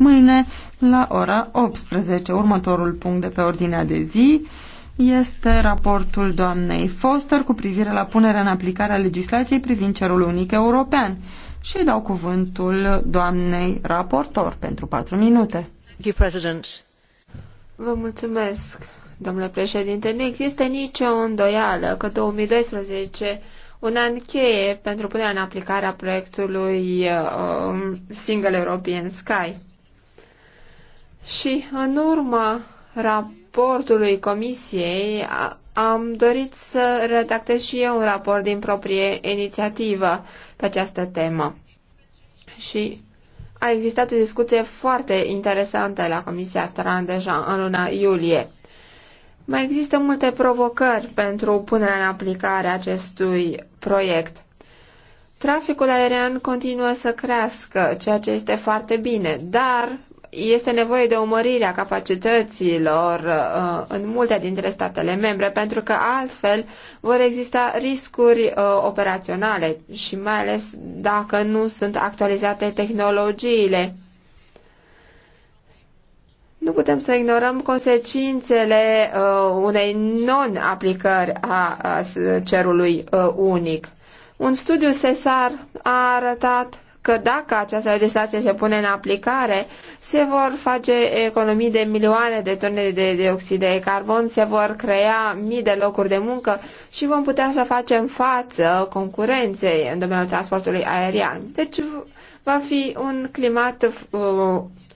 mâine la ora 18. Următorul punct de pe ordinea de zi este raportul doamnei Foster cu privire la punerea în aplicare a legislației privind cerul unic european. Și dau cuvântul doamnei raportor pentru 4 minute. Vă mulțumesc, domnule președinte. Nu există nicio îndoială că 2012 un an cheie pentru punerea în aplicare a proiectului uh, um, Single European Sky. Și în urma raportului comisiei am dorit să redactez și eu un raport din proprie inițiativă pe această temă. Și a existat o discuție foarte interesantă la Comisia Tran deja în luna iulie. Mai există multe provocări pentru punerea în aplicare acestui proiect. Traficul aerian continuă să crească, ceea ce este foarte bine, dar este nevoie de o mărire a capacităților uh, în multe dintre statele membre, pentru că altfel vor exista riscuri uh, operaționale și mai ales dacă nu sunt actualizate tehnologiile. Nu putem să ignorăm consecințele uh, unei non-aplicări a cerului unic. Un studiu SESAR a arătat că dacă această legislație se pune în aplicare, se vor face economii de milioane de tone de dioxid de carbon, se vor crea mii de locuri de muncă și vom putea să facem față concurenței în domeniul transportului aerian. Deci va fi un climat uh,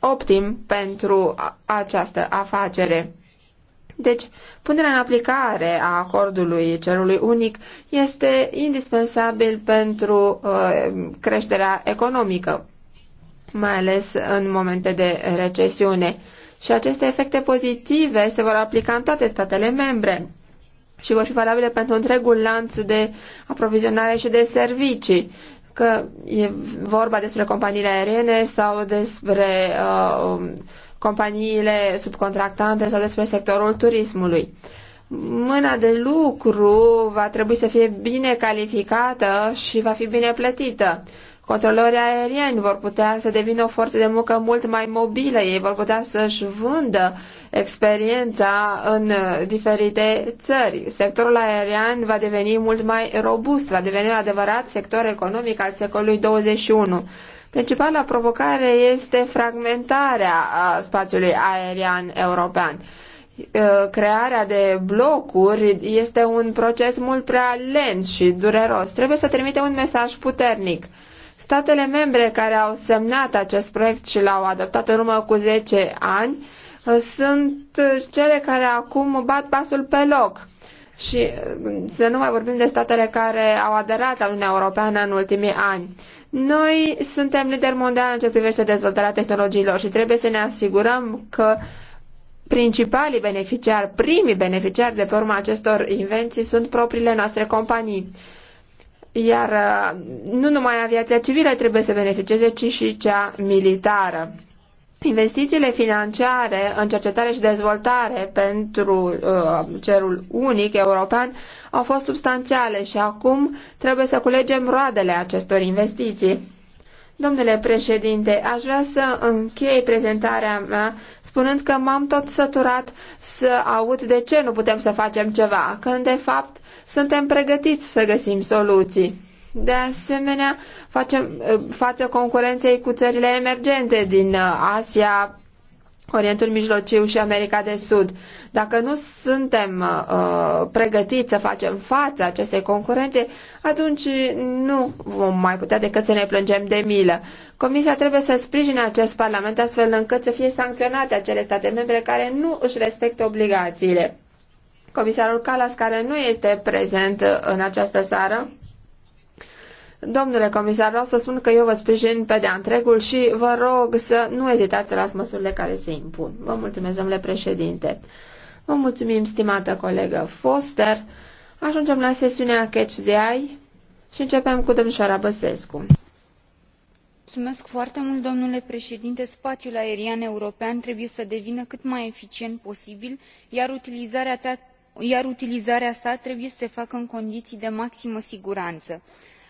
optim pentru această afacere. Deci, punerea în aplicare a acordului cerului unic este indispensabil pentru uh, creșterea economică, mai ales în momente de recesiune. Și aceste efecte pozitive se vor aplica în toate statele membre și vor fi valabile pentru întregul lanț de aprovizionare și de servicii, că e vorba despre companiile aeriene sau despre uh, companiile subcontractante sau despre sectorul turismului. Mâna de lucru va trebui să fie bine calificată și va fi bine plătită. Controlorii aerieni vor putea să devină o forță de muncă mult mai mobilă, ei vor putea să-și vândă experiența în diferite țări. Sectorul aerian va deveni mult mai robust, va deveni un adevărat sector economic al secolului 21. Principala provocare este fragmentarea spațiului aerian european crearea de blocuri este un proces mult prea lent și dureros. Trebuie să trimite un mesaj puternic. Statele membre care au semnat acest proiect și l-au adoptat în urmă cu 10 ani uh, sunt uh, cele care acum bat pasul pe loc. Și uh, să nu mai vorbim de statele care au aderat la Uniunea Europeană în ultimii ani. Noi suntem lideri mondiali în ce privește dezvoltarea tehnologiilor și trebuie să ne asigurăm că principalii beneficiari, primii beneficiari de pe urma acestor invenții sunt propriile noastre companii iar uh, nu numai aviația civilă trebuie să beneficieze, ci și cea militară. Investițiile financiare în cercetare și dezvoltare pentru uh, cerul unic european au fost substanțiale și acum trebuie să culegem roadele acestor investiții. Domnule președinte, aș vrea să închei prezentarea mea spunând că m-am tot săturat să aud de ce nu putem să facem ceva, când de fapt suntem pregătiți să găsim soluții. De asemenea, facem eh, față concurenței cu țările emergente din eh, Asia, Orientul Mijlociu și America de Sud. Dacă nu suntem uh, pregătiți să facem față acestei concurențe, atunci nu vom mai putea decât să ne plângem de milă. Comisia trebuie să sprijine acest Parlament astfel încât să fie sancționate acele state membre care nu își respectă obligațiile. Comisarul Calas, care nu este prezent în această seară, Domnule comisar, vreau să spun că eu vă sprijin pe de întregul și vă rog să nu ezitați să luați măsurile care se impun. Vă mulțumesc, domnule președinte. Vă mulțumim, stimată colegă Foster. Ajungem la sesiunea Catch de AI și începem cu domnișoara Băsescu. Mulțumesc foarte mult, domnule președinte. Spațiul aerian european trebuie să devină cât mai eficient posibil, iar utilizarea, ta, iar utilizarea sa trebuie să se facă în condiții de maximă siguranță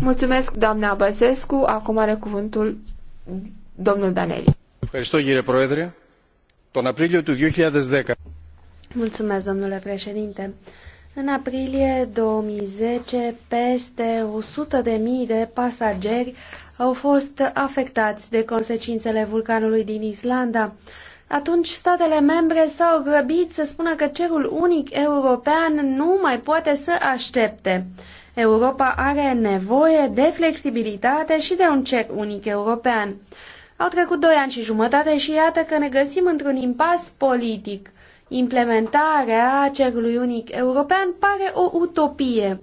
Mulțumesc, doamna Băsescu. Acum are cuvântul domnul Daneli. Mulțumesc, domnule președinte. În aprilie 2010, peste sută de, mii de pasageri au fost afectați de consecințele vulcanului din Islanda atunci statele membre s-au grăbit să spună că cerul unic european nu mai poate să aștepte. Europa are nevoie de flexibilitate și de un cer unic european. Au trecut doi ani și jumătate și iată că ne găsim într-un impas politic. Implementarea cerului unic european pare o utopie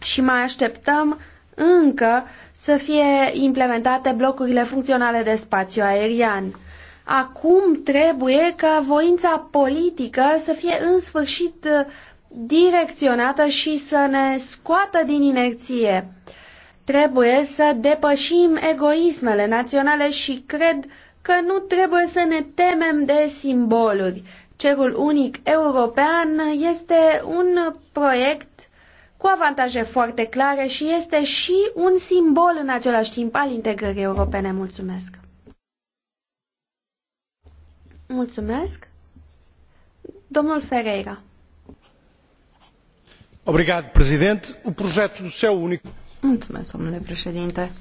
și mai așteptăm încă să fie implementate blocurile funcționale de spațiu aerian. Acum trebuie ca voința politică să fie în sfârșit uh, direcționată și să ne scoată din inerție. Trebuie să depășim egoismele naționale și cred că nu trebuie să ne temem de simboluri. Cerul unic european este un proiect cu avantaje foarte clare și este și un simbol în același timp al integrării europene. Mulțumesc! Mulțumesc. Domnul Ferreira. Obrigado, Presidente. O projeto seu único. Mulțumesc, domnule președinte.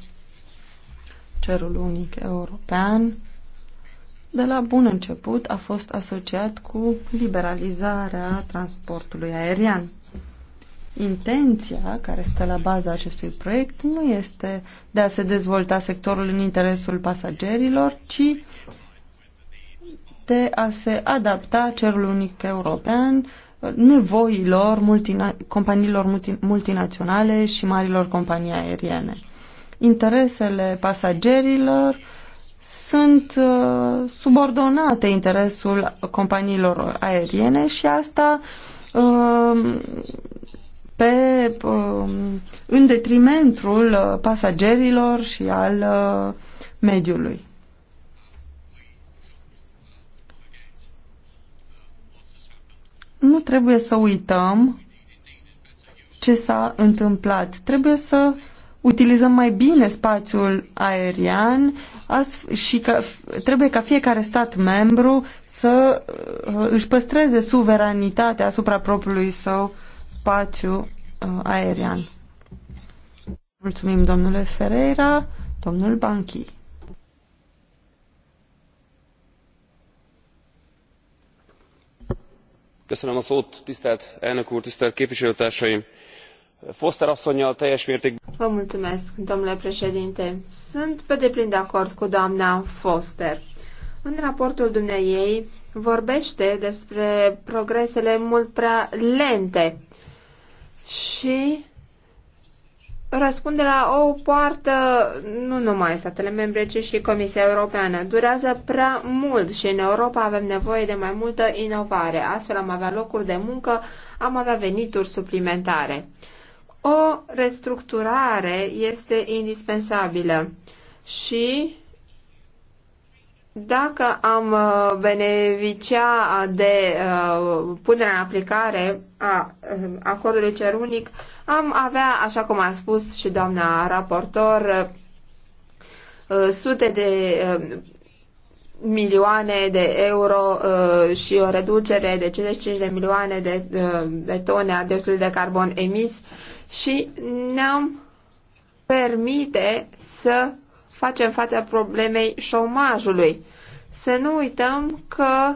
Cerul unic european de la bun început a fost asociat cu liberalizarea transportului aerian. Intenția care stă la baza acestui proiect nu este de a se dezvolta sectorul în interesul pasagerilor, ci de a se adapta cerul unic european nevoilor multina companiilor multi multinaționale și marilor companii aeriene. Interesele pasagerilor sunt uh, subordonate interesul companiilor aeriene și asta uh, pe, uh, în detrimentul uh, pasagerilor și al uh, mediului. trebuie să uităm ce s-a întâmplat. Trebuie să utilizăm mai bine spațiul aerian și că trebuie ca fiecare stat membru să uh, își păstreze suveranitatea asupra propriului său spațiu uh, aerian. Mulțumim, domnule Ferreira, domnul Banchi. tisztelt elnök úr tisztelt képviselőtársaim! foster asszonnyal teljes mértékben. domnule președinte sunt pe deplin de acord cu doamna foster. în raportul dumneei vorbește despre progresele mult prea lente și răspunde la o poartă nu numai statele membre, ci și Comisia Europeană. Durează prea mult și în Europa avem nevoie de mai multă inovare. Astfel am avea locuri de muncă, am avea venituri suplimentare. O restructurare este indispensabilă și dacă am uh, beneficia uh, de uh, punerea în aplicare a acordului cer unic, am avea, așa cum a spus și doamna raportor, uh, uh, sute de uh, milioane de euro și o reducere de 55 de milioane de, uh, de tone a dioxidului de carbon emis și ne-am permite să facem față problemei șomajului. Să nu uităm că uh,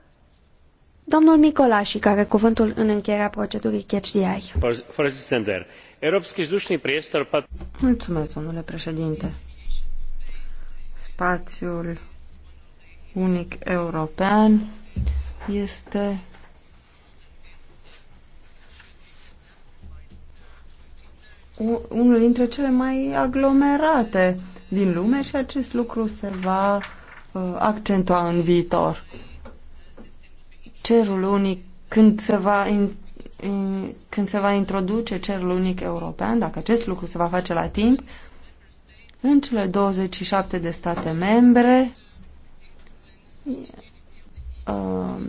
Domnul Micolași, care cuvântul în încheierea procedurii CHDI. Mulțumesc, domnule președinte. Spațiul unic european este unul dintre cele mai aglomerate din lume și acest lucru se va uh, accentua în viitor cerul unic, când se va când se va introduce cerul unic european, dacă acest lucru se va face la timp, în cele 27 de state membre um,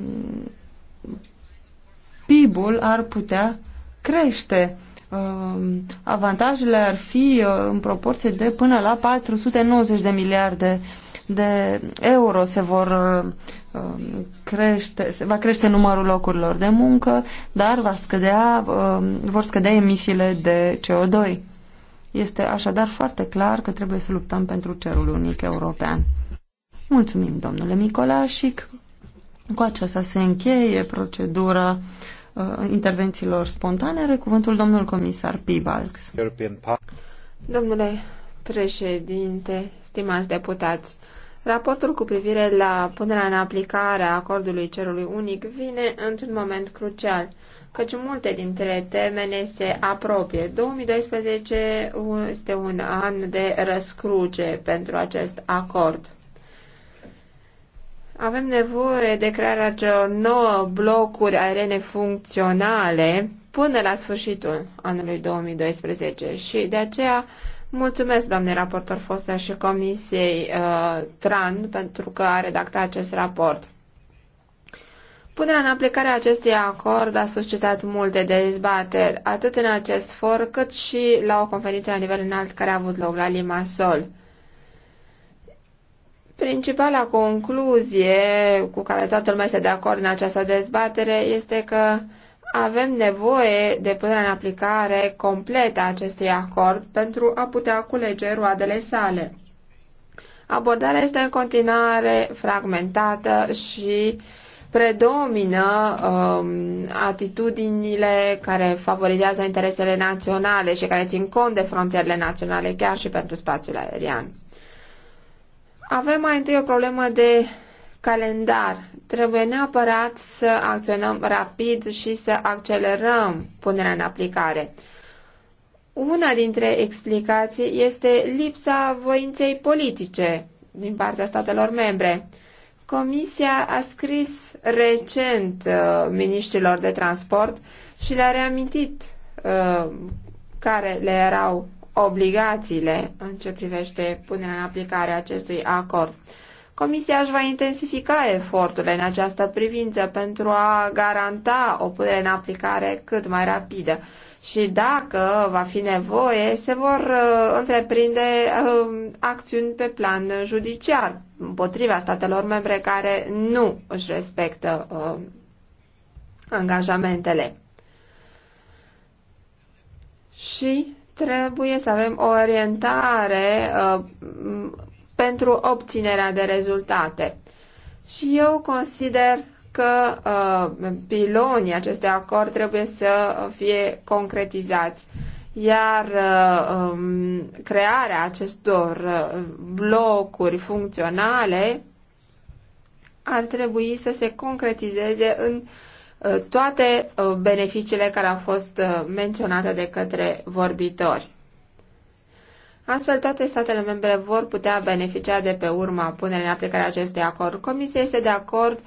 PIB-ul ar putea crește. Um, avantajele ar fi uh, în proporție de până la 490 de miliarde de euro se vor uh, crește, va crește numărul locurilor de muncă, dar va scădea, uh, vor scădea emisiile de CO2. Este așadar foarte clar că trebuie să luptăm pentru cerul unic european. Mulțumim, domnule Micolașic. Cu aceasta se încheie procedura uh, intervențiilor spontane. Are cuvântul domnul comisar Pibalks. Domnule președinte, stimați deputați. Raportul cu privire la punerea în aplicare a acordului cerului unic vine într-un moment crucial, căci multe dintre temene se apropie. 2012 este un an de răscruce pentru acest acord. Avem nevoie de crearea celor nouă blocuri aeriene funcționale până la sfârșitul anului 2012 și de aceea Mulțumesc, doamne raportor fostă și Comisiei uh, TRAN pentru că a redactat acest raport. Punerea în aplicare a acestui acord a suscitat multe dezbateri, atât în acest for, cât și la o conferință la nivel înalt care a avut loc la Limassol. Principala concluzie cu care toată lumea este de acord în această dezbatere este că avem nevoie de punerea în aplicare completă a acestui acord pentru a putea culege roadele sale. Abordarea este în continuare fragmentată și predomină um, atitudinile care favorizează interesele naționale și care țin cont de frontierele naționale, chiar și pentru spațiul aerian. Avem mai întâi o problemă de calendar Trebuie neapărat să acționăm rapid și să accelerăm punerea în aplicare. Una dintre explicații este lipsa voinței politice din partea statelor membre. Comisia a scris recent uh, miniștrilor de transport și le-a reamintit uh, care le erau obligațiile în ce privește punerea în aplicare a acestui acord. Comisia își va intensifica eforturile în această privință pentru a garanta o punere în aplicare cât mai rapidă și dacă va fi nevoie, se vor uh, întreprinde uh, acțiuni pe plan judiciar împotriva statelor membre care nu își respectă uh, angajamentele. Și trebuie să avem o orientare uh, pentru obținerea de rezultate. Și eu consider că uh, pilonii acestui acord trebuie să fie concretizați, iar uh, um, crearea acestor uh, blocuri funcționale ar trebui să se concretizeze în uh, toate uh, beneficiile care au fost uh, menționate de către vorbitori. Astfel, toate statele membre vor putea beneficia de pe urma punerii în aplicare acestui acord. Comisia este de acord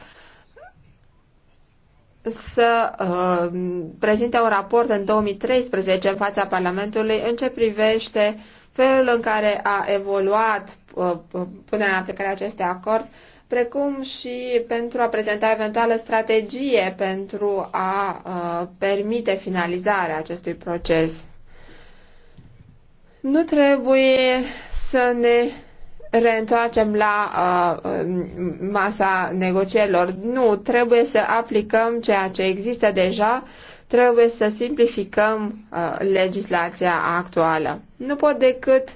să uh, prezinte un raport în 2013 în fața Parlamentului în ce privește felul în care a evoluat uh, punerea în aplicare acestui acord, precum și pentru a prezenta eventuală strategie pentru a uh, permite finalizarea acestui proces. Nu trebuie să ne reîntoarcem la uh, masa negocierilor. Nu, trebuie să aplicăm ceea ce există deja, trebuie să simplificăm uh, legislația actuală. Nu pot decât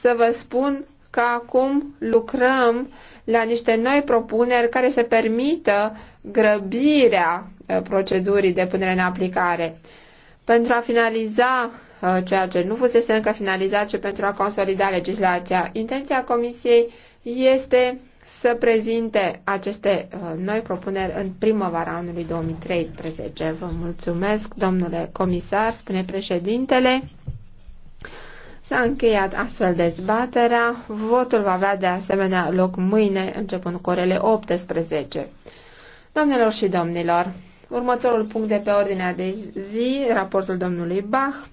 să vă spun că acum lucrăm la niște noi propuneri care să permită grăbirea procedurii de punere în aplicare. Pentru a finaliza Uh, ceea ce nu fusese încă finalizat și pentru a consolida legislația. Intenția Comisiei este să prezinte aceste uh, noi propuneri în primăvara anului 2013. Vă mulțumesc, domnule comisar, spune președintele. S-a încheiat astfel dezbaterea. Votul va avea de asemenea loc mâine, începând cu orele 18. Domnilor și domnilor, următorul punct de pe ordinea de zi, raportul domnului Bach,